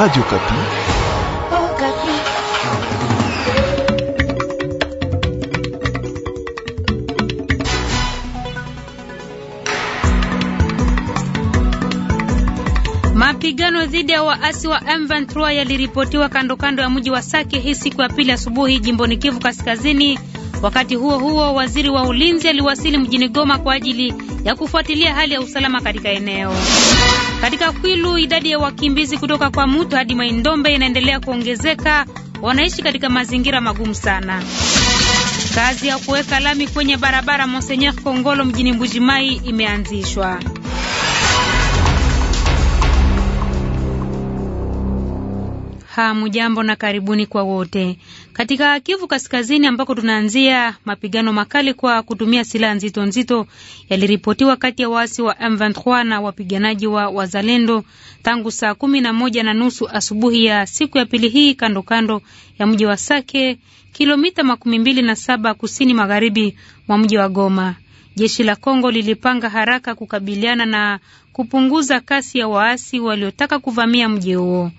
Radio Okapi. Oh, Mapigano dhidi ya waasi wa M23 yaliripotiwa kando kando ya mji wa Sake hii siku ya pili asubuhi jimboni Kivu Kaskazini. Wakati huo huo, waziri wa ulinzi aliwasili mjini Goma kwa ajili ya kufuatilia hali ya usalama katika eneo. Katika Kwilu, idadi ya wakimbizi kutoka kwa Mutu hadi Maindombe inaendelea kuongezeka. Wanaishi katika mazingira magumu sana. Kazi ya kuweka lami kwenye barabara Monseigneur Kongolo mjini Mbujimai imeanzishwa. hamjambo na karibuni kwa wote. Katika Kivu Kaskazini ambako tunaanzia, mapigano makali kwa kutumia silaha nzito nzito yaliripotiwa kati ya waasi wa M23 na wapiganaji wa Wazalendo tangu saa kumi na moja na nusu asubuhi ya siku ya pili hii, kando kando ya mji wa Sake, kilomita makumi mbili na saba kusini magharibi mwa mji wa Goma. Jeshi la Kongo lilipanga haraka kukabiliana na kupunguza kasi ya waasi waliotaka kuvamia mji huo.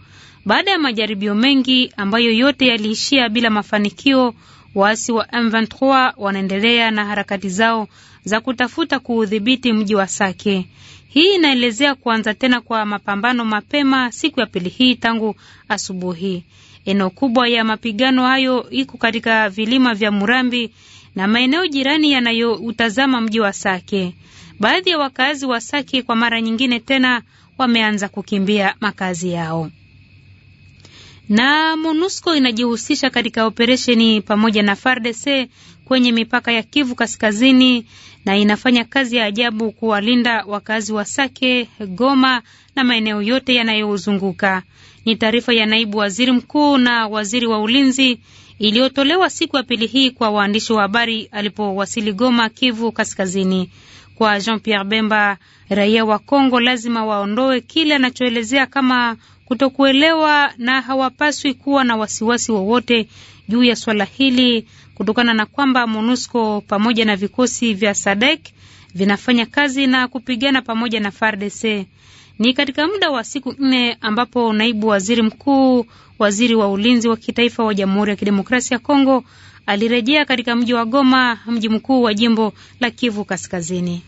Baada ya majaribio mengi ambayo yote yaliishia bila mafanikio, waasi wa M23 wanaendelea na harakati zao za kutafuta kuudhibiti mji wa Sake. Hii inaelezea kuanza tena kwa mapambano mapema siku ya pili hii tangu asubuhi. Eneo kubwa ya mapigano hayo iko katika vilima vya Murambi na maeneo jirani yanayoutazama mji wa Sake. Baadhi ya wakazi wa Sake kwa mara nyingine tena wameanza kukimbia makazi yao. Na MONUSCO inajihusisha katika operesheni pamoja na FARDC kwenye mipaka ya Kivu Kaskazini na inafanya kazi ya ajabu kuwalinda wakazi wa Sake, Goma na maeneo yote yanayozunguka. Ni taarifa ya naibu waziri mkuu na waziri wa ulinzi iliyotolewa siku ya pili hii kwa waandishi wa habari alipowasili Goma, Kivu Kaskazini. Kwa Jean Pierre Bemba, raia wa Kongo lazima waondoe kile anachoelezea kama kutokuelewa na hawapaswi kuwa na wasiwasi wowote juu ya swala hili kutokana na kwamba MONUSCO pamoja na vikosi vya SADEK vinafanya kazi na kupigana pamoja na FARDC. Ni katika muda wa siku nne ambapo naibu waziri mkuu, waziri wa ulinzi wa kitaifa wa Jamhuri ya Kidemokrasia ya Kongo alirejea katika mji wa Goma, mji mkuu wa jimbo la Kivu Kaskazini.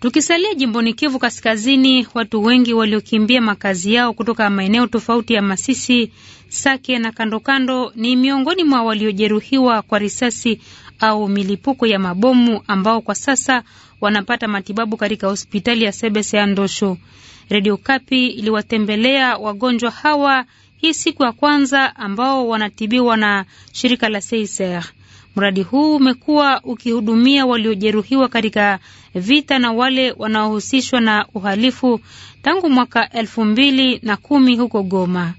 Tukisalia jimboni Kivu Kaskazini, watu wengi waliokimbia makazi yao kutoka maeneo tofauti ya Masisi, Sake na kandokando ni miongoni mwa waliojeruhiwa kwa risasi au milipuko ya mabomu ambao kwa sasa wanapata matibabu katika hospitali ya Sebese ya Ndosho. Redio Kapi iliwatembelea wagonjwa hawa hii siku ya kwanza ambao wanatibiwa na shirika la Seiser. Mradi huu umekuwa ukihudumia waliojeruhiwa katika vita na wale wanaohusishwa na uhalifu tangu mwaka elfu mbili na kumi huko Goma.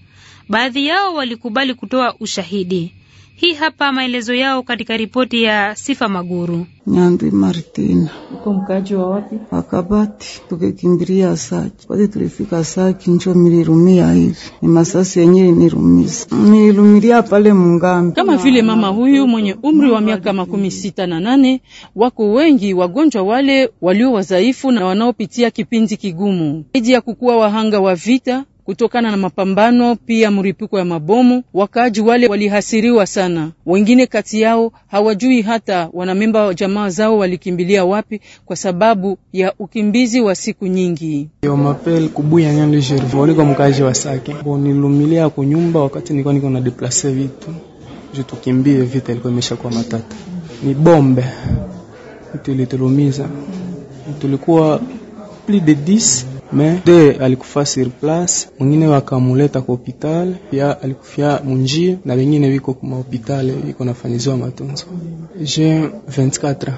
Baadhi yao walikubali kutoa ushahidi. Hii hapa maelezo yao katika ripoti ya Sifa Maguru. Nyandwi Martina, uko mkaji wa wapi? Akabati. Tukikimbilia Saki pati tulifika Saki njo milirumia hivi, ni masasi yenyewe nirumiza, nilumilia pale mungambi. Kama vile mama huyu mwenye umri wa miaka makumi sita na nane, wako wengi wagonjwa wale walio wazaifu na wanaopitia kipindi kigumu iji ya kukuwa wahanga wa vita Kutokana na mapambano pia mripuko ya mabomu, wakaaji wale walihasiriwa sana. Wengine kati yao hawajui hata wanamemba wa jamaa zao walikimbilia wapi, kwa sababu ya ukimbizi wa siku nyingi. Mapel kubuya sherifu waliko wa Sake nilumilia wakati nilikuwa niko na deplase vitu tukimbie vita, ilikuwa matata, ni bombe tulitulumiza, tulikuwa plus de 10 me de alikufa sur place, mwingine wakamuleta kwa hospitali, pia alikufia munjia na wengine wiko kuma hospitali iko nafanyiziwa matunzo. Je 24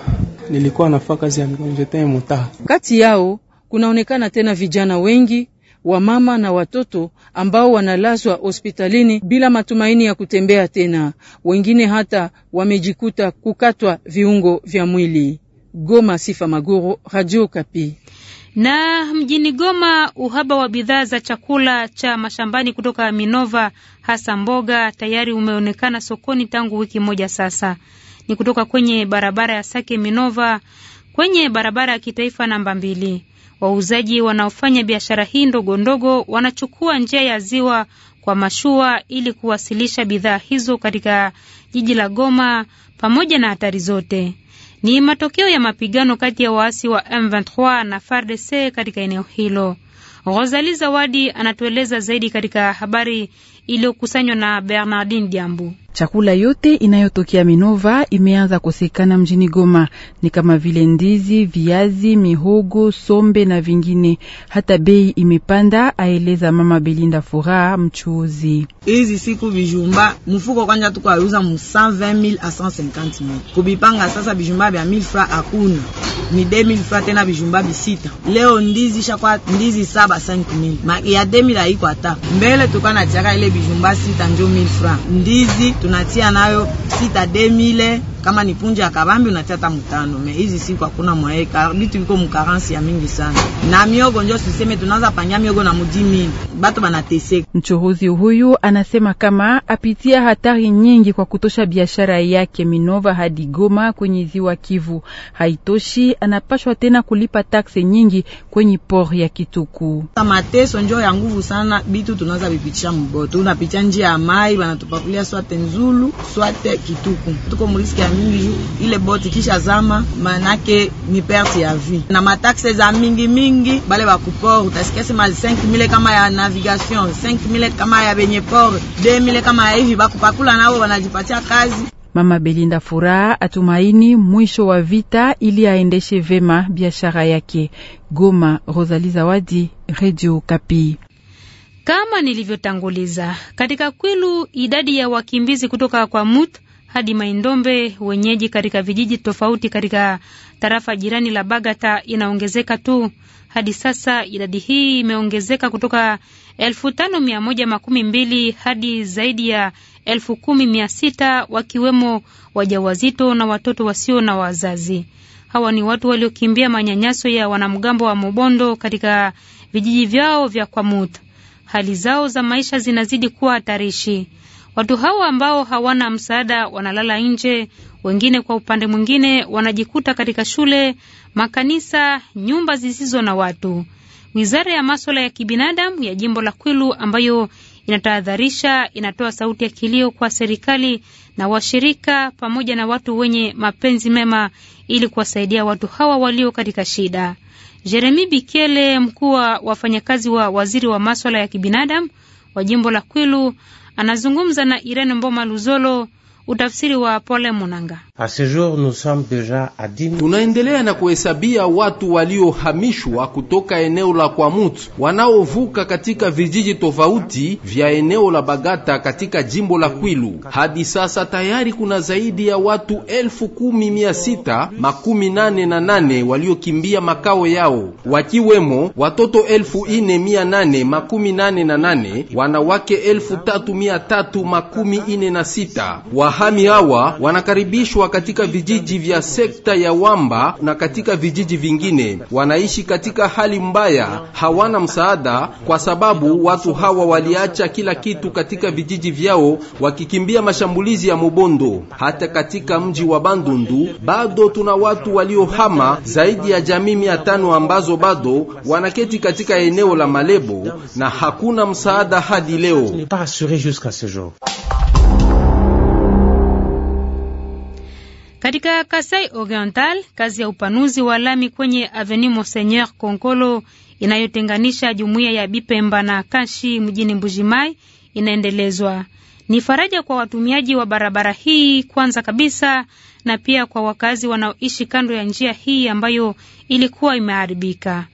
nilikuwa nafaa kazi ya tena muta Kati yao kunaonekana tena vijana wengi wa mama na watoto ambao wanalazwa hospitalini bila matumaini ya kutembea tena, wengine hata wamejikuta kukatwa viungo vya mwili. Goma, Sifa Maguru, Radio Kapi. Na mjini Goma, uhaba wa bidhaa za chakula cha mashambani kutoka Minova, hasa mboga, tayari umeonekana sokoni tangu wiki moja sasa. Ni kutoka kwenye barabara ya Sake Minova kwenye barabara ya kitaifa namba mbili. Wauzaji wanaofanya biashara hii ndogo ndogo wanachukua njia ya ziwa kwa mashua ili kuwasilisha bidhaa hizo katika jiji la Goma pamoja na hatari zote ni matokeo ya mapigano kati ya waasi wa M23 na FARDC katika eneo hilo. Rosalie Zawadi anatueleza zaidi katika habari iliyokusanywa na Bernardine Diambu. Chakula yote inayotokea Minova imeanza kosekana mjini Goma, ni kama vile ndizi, viazi, mihogo, sombe na vingine. Hata bei imepanda, aeleza mama Belinda Furaha, mchuuzi. Hizi siku vijumba mfuko kwanja tuko auza mu 120000 a 150000 kubipanga sasa, vijumba vya 1000 francs hakuna, ni 2000 francs tena vijumba bisita. Leo ndizi shakwa ndizi saba 5000 ya 2000 haiko hata mbele, tuko chaka ile vijumba sita ndio 1000 francs ndizi tunatia nayo sita demile kama ni punja ya kabambi unatia hata mtano. Me hizi siku hakuna mwaeka bitu viko mkaransi ya mingi sana, na miogo njo siseme tunaanza panya miogo na mujimi bato banateseka. Mchuruzi huyu anasema kama apitia hatari nyingi kwa kutosha biashara yake Minova hadi Goma kwenye ziwa Kivu. Haitoshi, anapashwa tena kulipa takse nyingi kwenye por ya Kituku. Mateso njo ya nguvu sana, bitu tunaanza bipitisha mboto, unapitia njia ya mai banatupakulia swate Muzulu swate Kituku. Tuko muriski ya mingi ile boti kisha zama, manake ni perte ya vie na mataxe za mingi mingi. Bale ba kuport utasikia sema 5000 kama ya navigation, 5000 kama ya benye port, 2000 kama ya hivi, bakupakula nao wanajipatia kazi. Mama Belinda Furaha atumaini mwisho wa vita ili aendeshe vema biashara yake. Goma, Rosalie Zawadi, Radio Kapi. Kama nilivyotanguliza katika Kwilu, idadi ya wakimbizi kutoka kwa Mut hadi Maindombe, wenyeji katika vijiji tofauti katika tarafa jirani la Bagata, inaongezeka tu. Hadi sasa idadi hii imeongezeka kutoka elfu tano mia moja makumi mbili hadi zaidi ya elfu kumi mia sita wakiwemo wajawazito na watoto wasio na wazazi. Hawa ni watu waliokimbia manyanyaso ya wanamgambo wa Mobondo katika vijiji vyao vya Kwamuta hali zao za maisha zinazidi kuwa hatarishi. Watu hawa ambao hawana msaada wanalala nje, wengine kwa upande mwingine wanajikuta katika shule, makanisa, nyumba zisizo na watu. Wizara ya maswala ya kibinadamu ya jimbo la Kwilu ambayo inatahadharisha inatoa sauti ya kilio kwa serikali na washirika pamoja na watu wenye mapenzi mema ili kuwasaidia watu hawa walio katika shida. Jeremi Bikele, mkuu wa wafanyakazi wa waziri wa maswala ya kibinadamu wa jimbo la Kwilu, anazungumza na Irene Mboma Luzolo, utafsiri wa Pole Munanga. A ce jour, nous sommes Tunaendelea na kuhesabia watu waliohamishwa kutoka eneo la kwamut wanaovuka katika vijiji tofauti vya eneo la Bagata katika jimbo la Kwilu. Hadi sasa tayari kuna zaidi ya watu elfu kumi mia sita makumi nane na nane waliokimbia makao yao, wakiwemo watoto elfu ine mia nane makumi nane na nane wanawake elfu tatu mia tatu makumi ine na sita Wahami hawa wanakaribishwa katika vijiji vya sekta ya Wamba na katika vijiji vingine. Wanaishi katika hali mbaya, hawana msaada kwa sababu watu hawa waliacha kila kitu katika vijiji vyao wakikimbia mashambulizi ya Mubondo. Hata katika mji wa Bandundu bado tuna watu waliohama zaidi ya jamii mia tano ambazo bado wanaketi katika eneo la Malebo na hakuna msaada hadi leo. Katika Kasai Oriental, kazi ya upanuzi wa lami kwenye Avenue Monseigneur Konkolo inayotenganisha jumuiya ya Bipemba na Kashi mjini Mbujimai inaendelezwa. Ni faraja kwa watumiaji wa barabara hii kwanza kabisa, na pia kwa wakazi wanaoishi kando ya njia hii ambayo ilikuwa imeharibika.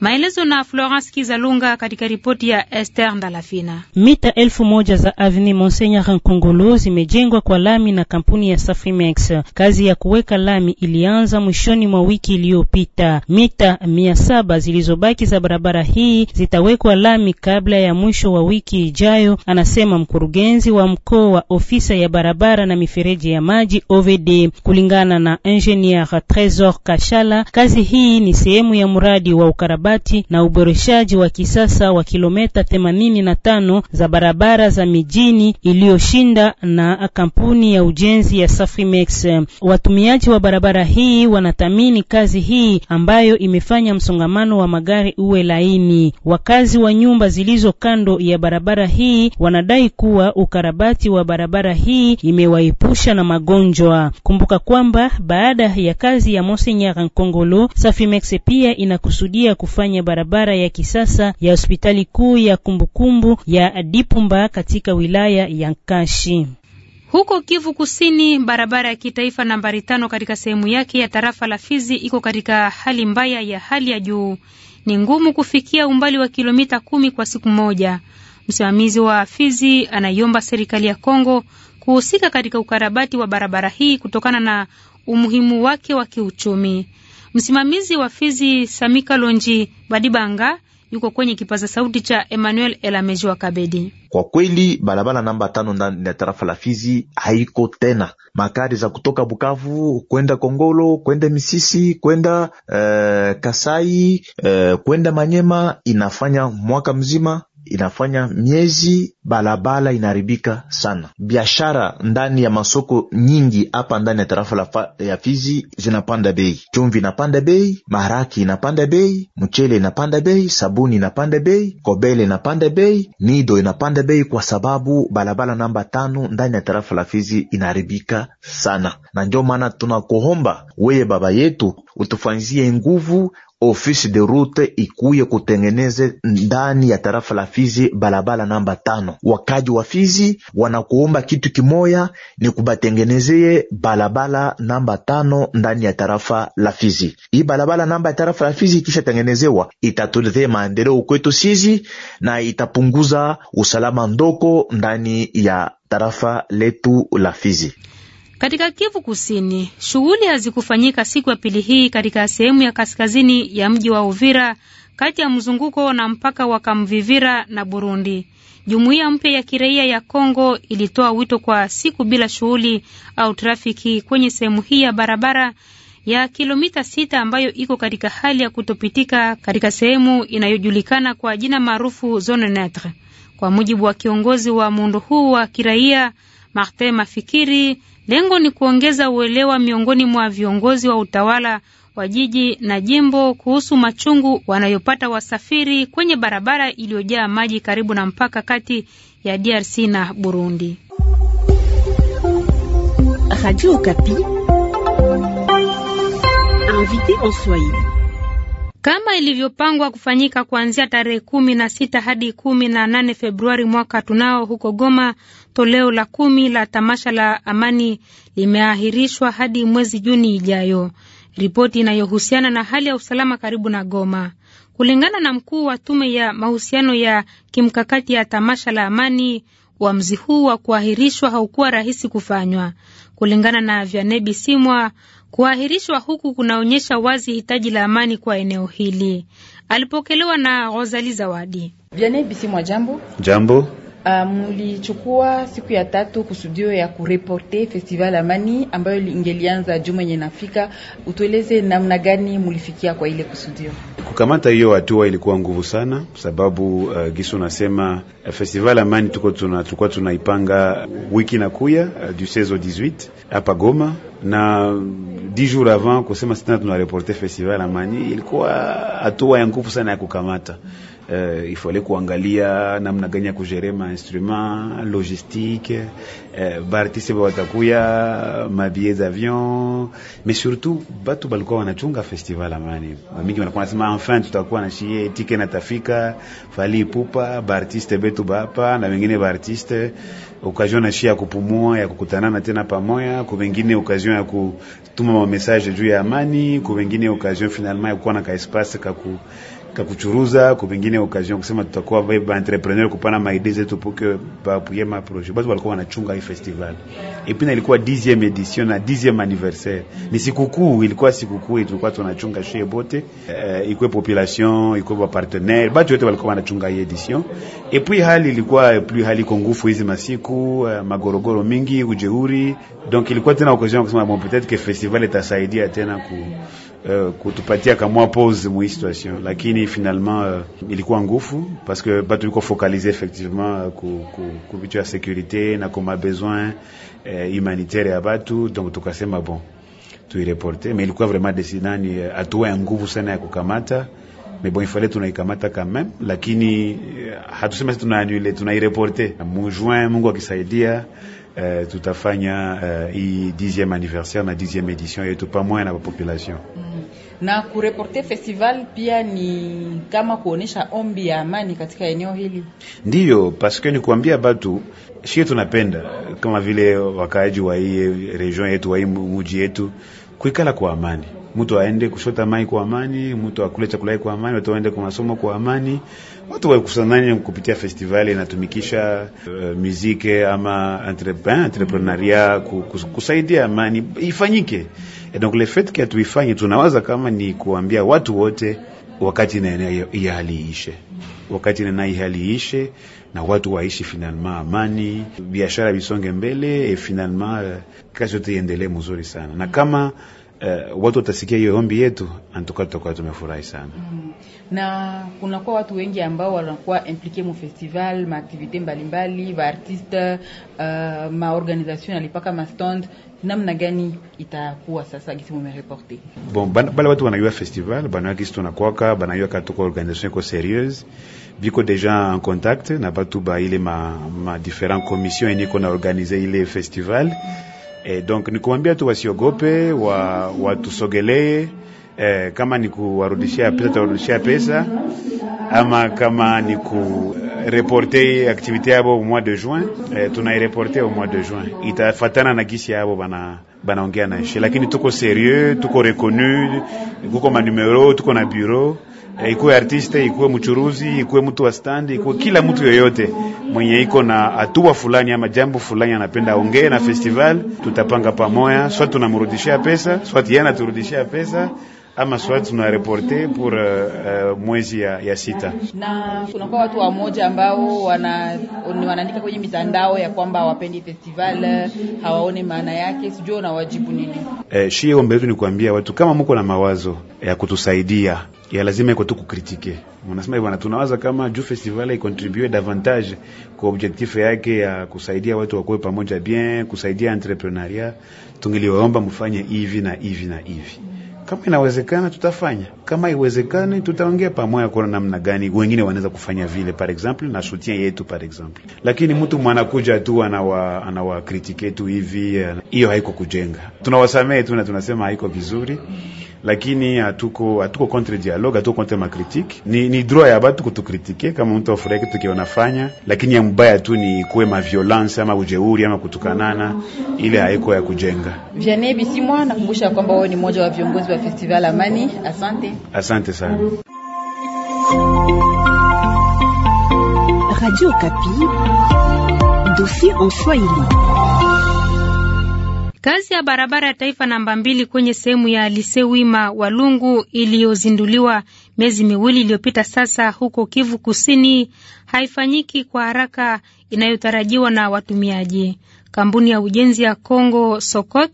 Maelezo na Florence Kizalunga katika ripoti ya Esther Ndalafina. Mita elfu moja za Avni Monseigneur Nkongolo zimejengwa kwa lami na kampuni ya Safimex. Kazi ya kuweka lami ilianza mwishoni mwa wiki iliyopita. Mita mia saba zilizobaki za barabara hii zitawekwa lami kabla ya mwisho wa wiki ijayo, anasema mkurugenzi wa mkoa wa ofisa ya barabara na mifereji ya maji OVD. Kulingana na Engineer Tresor Kashala, kazi hii ni sehemu ya mradi wa ukarabati ukarabati na uboreshaji wa kisasa wa kilometa 85 za barabara za mijini iliyoshinda na kampuni ya ujenzi ya Safimex. Watumiaji wa barabara hii wanathamini kazi hii ambayo imefanya msongamano wa magari uwe laini. Wakazi wa nyumba zilizo kando ya barabara hii wanadai kuwa ukarabati wa barabara hii imewaepusha na magonjwa. Kumbuka kwamba baada ya kazi ya Monseigneur Nkongolo, Safimex pia inakusudia kufanya barabara ya kisasa ya hospitali kuu ya kumbukumbu ya Dipumba katika wilaya ya Nkashi. Huko Kivu Kusini, barabara ya kitaifa nambari tano katika sehemu yake ya tarafa la Fizi iko katika hali mbaya ya hali ya juu. Ni ngumu kufikia umbali wa kilomita kumi kwa siku moja. Msimamizi wa Fizi anaiomba serikali ya Kongo kuhusika katika ukarabati wa barabara hii kutokana na umuhimu wake wa kiuchumi. Msimamizi wa Fizi Samika Lonji Badibanga yuko kwenye kipaza sauti cha Emmanuel Elameji wa Kabedi. Kwa kweli barabara namba tano ndani ya tarafa la Fizi haiko tena. Magari za kutoka Bukavu kwenda Kongolo, kwenda Misisi, kwenda uh, Kasai, uh, kwenda Manyema inafanya mwaka mzima inafanya miezi balabala inaharibika sana. Biashara ndani ya masoko nyingi hapa ndani ya tarafa ya Fizi zinapanda bei, chumvi inapanda bei, maharaki inapanda bei, mchele inapanda bei, sabuni inapanda bei, kobele inapanda bei, nido inapanda bei, kwa sababu balabala namba tano ndani ya tarafa la Fizi inaharibika sana, na ndio maana tunakuomba weye baba yetu utufanzie nguvu ofisi de rute ikuye kutengeneze ndani ya tarafa la Fizi balabala namba tano. Wakaji wa Fizi wanakuomba kitu kimoya, ni kubatengenezee balabala namba tano ndani ya tarafa la Fizi. Hii balabala namba ya tarafa la Fizi tengenezewa, itatuletea maendeleo kwetu sisi na itapunguza usalama ndoko ndani ya tarafa letu la Fizi. Katika Kivu Kusini, shughuli hazikufanyika siku ya pili hii katika sehemu ya kaskazini ya mji wa Uvira kati ya mzunguko na mpaka wa Kamvivira na Burundi. Jumuiya mpya ya kiraia ya Kongo ilitoa wito kwa siku bila shughuli au trafiki kwenye sehemu hii ya barabara ya kilomita sita ambayo iko katika hali ya kutopitika katika sehemu inayojulikana kwa jina maarufu zone Netre. Kwa mujibu wa kiongozi wa muundo huu wa kiraia Martin Mafikiri, Lengo ni kuongeza uelewa miongoni mwa viongozi wa utawala wa jiji na jimbo kuhusu machungu wanayopata wasafiri kwenye barabara iliyojaa maji karibu na mpaka kati ya DRC na Burundi. Radio Okapi. Invité en Swahili kama ilivyopangwa kufanyika kuanzia tarehe kumi na sita hadi kumi na nane Februari mwaka tunao huko Goma. Toleo la kumi la tamasha la amani limeahirishwa hadi mwezi Juni ijayo. Ripoti inayohusiana na hali ya usalama karibu na Goma. Kulingana na mkuu wa tume ya mahusiano ya kimkakati ya tamasha la amani, uamuzi huu wa kuahirishwa haukuwa rahisi kufanywa. Kulingana na Vyanebi Simwa, Kuahirishwa huku kunaonyesha wazi hitaji la amani kwa eneo hili. Alipokelewa na Rosali Zawadi. Jambo, jambo. Um, uh, mulichukua siku ya tatu kusudio ya kureporte festival Amani ambayo ingelianza juma yenye nafika. Utueleze namna gani mulifikia kwa ile kusudio? Kukamata hiyo hatua ilikuwa nguvu sana, sababu uh, gisu nasema uh, festival Amani tuko tuna tulikuwa tunaipanga wiki na kuya uh, du 16 au 18 hapa Goma na dix jours avant kusema sisi tunareporte festival Amani, ilikuwa hatua ya nguvu sana ya kukamata Uh, ifale kuangalia namna gani ya kujere ma instrument logistique uh, baartiste bawatakuya mabillets d'avion, mais surtout batu balikuwa wanachunga festival Amani mingi, wanakuwa nasema enfin tutakuwa na shie tike natafika fali ipupa baartiste betu bapa na wengine baartiste okasion na shia ya kupumua ya kukutanana tena pamoja, ku wengine okazion ya kutuma mamessage juu ya amani, kuvengine wengine finalement ya kuwa na kaespasi kaku kakuchuruza ku kupengine occasion kusema tutakuwa ba entrepreneur kupana maide zetu puke bapuye ma projet basi walikuwa wanachunga hii festival epina ilikuwa 10e edition na 10e anniversaire ni sikukuu ilikuwa sikukuu tulikuwa tunachunga shie bote uh, ikwe population ikwe ba partenaire batu wote walikuwa wanachunga hii edition et puis hali ilikuwa plus hali kongufu hizi masiku uh, magorogoro mingi ujeuri donc ilikuwa tena occasion kusema bon peut-être que festival itasaidia tena ku uh, kutupatia kamwa pause mu situation, lakini finalement uh, ilikuwa ngufu que batu iko focalize effectivement euh, ku, ku, ku vitu ya sécurité, na kuma besoin uh, humanitaire ya batu, donc tukasema bon tuireporte, mais ilikuwa vraiment desidani hatua euh, ya nguvu sana ya kukamata mais bon, il fallait tunaikamata quand même, lakini euh, hatusema si tunaanule, tunaireporte mujuin, Mungu akisaidia Uh, tutafanya uh, hii dixième anniversaire mm. na dixième edition yetu pamoja na population Na kureporte festival pia ni kama kuonesha ombi ya amani katika eneo hili, ndiyo paske ni kuambia batu shie tunapenda kama vile wakaaji wa hii region yetu wa hii muji yetu kuikala kwa amani mtu aende kushota mai kwa amani, mtu akule chakula kwa amani, watu waende kwa masomo kwa amani, watu wakusanane kupitia festivali inatumikisha uh, eh, muziki ama entrepreneur, entrepreneuria kusaidia amani ifanyike. Et eh, donc le fait que tuifanye, tunawaza kama ni kuambia watu wote wakati na ihaliishe wakati na ihaliishe na watu waishi finalma amani, biashara bisonge mbele, e eh, finalma kazi yote iendelee mzuri sana na kama uh, watu watasikia hiyo ombi yetu, antuka tutakuwa tumefurahi sana mm. Na kunakuwa watu wengi ambao wanakuwa implike mu festival maaktivite mbalimbali, vaartiste uh, maorganisation alipaka mastand namna gani itakuwa sasa gisi mumereporte bon bale watu wanajua festival banayua gisi tunakwaka banayua katuka organisation iko serieuse biko deja en contact na batu ba ile ma, ma different commission eniko na organize ile festival mm. E, donc nikuambia tu wasiogope, wa watusogelee. E, kama ni kuwarudishia pesa tawarudishia pesa, ama kama ni kureporte activité yabo au mois de juin e, tunaireporte au mois de juin, itafatana na gisi yabo bana banaongea naishi, lakini tuko serieux, tuko reconnu, kuko manumero, tuko na bureau Eh, ikuwe artiste, ikuwe mchuruzi, ikuwe mtu wa standi, ikuwe kila mtu yoyote mwenye iko na hatua fulani ama jambo fulani anapenda aongee na festival, tutapanga pamoya, swati tunamrudishia pesa, swati yeye anaturudishia pesa ama swali tunareporte pour uh, mwezi ya, ya sita, na kunakuwa watu moja ambao wana, wanaandika kwenye mitandao ya kwamba hawapendi festival, hawaone maana yake, sijui wajibu nini? Eh, shie ombe letu ni kuambia watu kama mko na mawazo ya kutusaidia ya lazima iko tu kukritike. Unasema bwana, tunawaza kama juu festival ikontribue davantage kwa objectif yake ya kusaidia watu wakoe pamoja bien, kusaidia entrepreneuria, tungeliwaomba mfanye hivi na hivi na hivi. Kama inawezekana tutafanya, kama iwezekani tutaongea pamoja, kuona namna gani wengine wanaweza kufanya vile, par exemple na soutien yetu par exemple. Lakini mtu mwanakuja tu anawa anawakritike tu hivi, eh, hiyo haiko kujenga. Tunawasamehe tu na tunasema haiko vizuri lakini hatuko hatuko contre dialogue, hatuko contre critique. Ni, ni droit ya batu kutukritike kama mtu afurahi kitu kionafanya, lakini ya mbaya tu ni kuwe ma violence ama ujeuri ama kutukanana, ile haiko ya kujenga. Vianney Bisimwa, nakumbusha kwamba wewe ni mmoja wa viongozi wa Festival Amani. Asante, asante sana. Radio Kapi, dossier en Swahili. Kazi ya barabara ya taifa namba mbili kwenye sehemu ya Lisewima Walungu iliyozinduliwa miezi miwili iliyopita sasa huko Kivu Kusini haifanyiki kwa haraka inayotarajiwa na watumiaji. Kampuni ya ujenzi ya Congo Sokok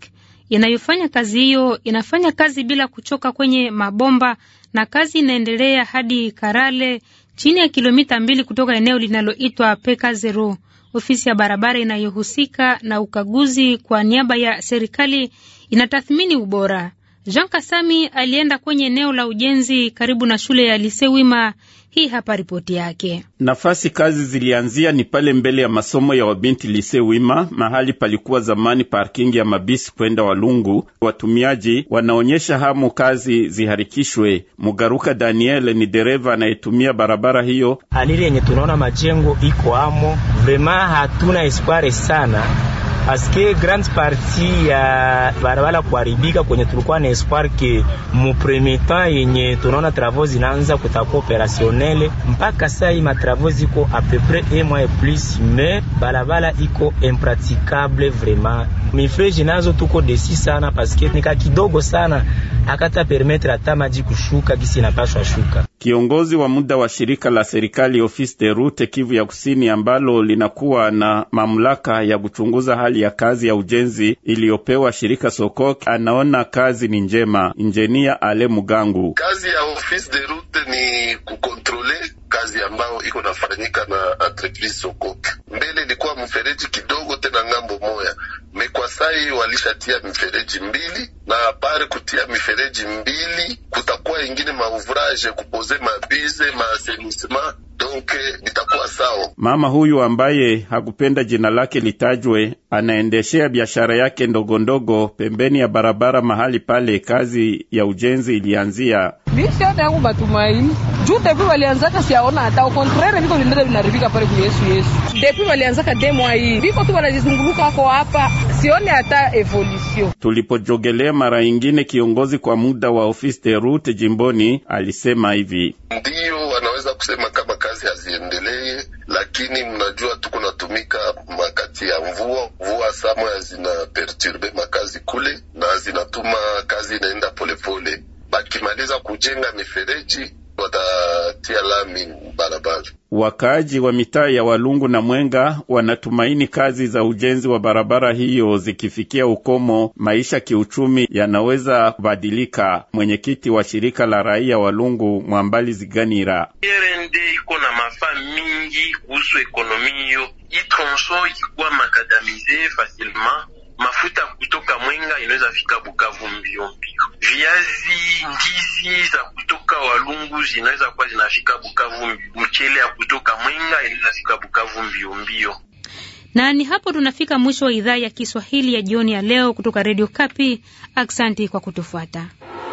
inayofanya kazi hiyo inafanya kazi bila kuchoka kwenye mabomba na kazi inaendelea hadi Karale chini ya kilomita mbili kutoka eneo linaloitwa Peka Zero. Ofisi ya barabara inayohusika na ukaguzi kwa niaba ya serikali inatathmini ubora. Jean Kasami alienda kwenye eneo la ujenzi karibu na shule ya Lisewima. Wima. Hii hapa ripoti yake. Nafasi kazi zilianzia ni pale mbele ya masomo ya wabinti Lise Wima, mahali palikuwa zamani parking ya mabisi kwenda Walungu. Watumiaji wanaonyesha hamu kazi ziharikishwe. Mugaruka Daniel ni dereva anayetumia barabara hiyo. alili yenye tunaona majengo iko amo vrema, hatuna espoir sana aske grand parti ya barabara kuharibika kwenye tulikuwa na espoir ke premier temps yenye tunaona travaux zinaanza kutakuwa operationnel mpaka saa hii matravaux ziko a peu près un mois plus mais barabara iko impraticable vraiment. Mifreji nazo tuko desi sana paske nika kidogo sana akata permettre hata maji kushuka gisi inapashwa shuka. Kiongozi wa muda wa shirika la serikali Office de Route Kivu ya Kusini ambalo linakuwa na mamlaka ya kuchunguza hali hali ya kazi ya ujenzi iliyopewa shirika Sokok, anaona kazi ni njema. Injenia Ale Mugangu: kazi ya office de route ni kukontrole kazi ambayo iko nafanyika na entreprise Sokok. Mbele ilikuwa mfereji kidogo tena ngambo moya, mekwasai walishatia mfereji mbili na habari kutia mifereji mbili, kutakuwa ingine mauvrage kupoze mabize maasenisma donc itakuwa sawa. Mama huyu ambaye hakupenda jina lake litajwe, anaendeshea biashara yake ndogo ndogo pembeni ya barabara mahali pale kazi ya ujenzi ilianzia. Maisha yangu matumaini juu depuis walianzaka siaona hata au contraire viko vinaribika pale kwa Yesu Yesu. Depuis walianzaka demo hii viko tu wanajizunguluka wako hapa sione hata evolution. Tulipojogelea mara ingine, kiongozi kwa muda wa ofisi de route jimboni alisema hivi: ndio wanaweza kusema kama kazi haziendelee, lakini mnajua tuko natumika makati ya mvua mvua, sama zinaperturbe makazi kule na zinatuma kazi inaenda polepole, bakimaliza kujenga mifereji watatia lami barabara. Wakaaji wa mitaa ya Walungu na Mwenga wanatumaini kazi za ujenzi wa barabara hiyo zikifikia ukomo, maisha kiuchumi yanaweza kubadilika. Mwenyekiti wa shirika la raia Walungu, Mwambali Ziganira: RND iko na mafaa mingi kuhusu ekonomi hiyo, itronso ikikuwa makadamize facilement mafuta kutoka Mwenga inaweza fika Bukavu mbio mbio. Viazi, ah. ndizi za kutoka Walungu zinaweza kuwa zinafika Bukavu. Mchele ya kutoka Mwenga fika Bukavu mbio mbio. Na ni hapo tunafika mwisho wa idhaa ya Kiswahili ya jioni ya leo kutoka Radio Kapi. Aksanti kwa kutufuata.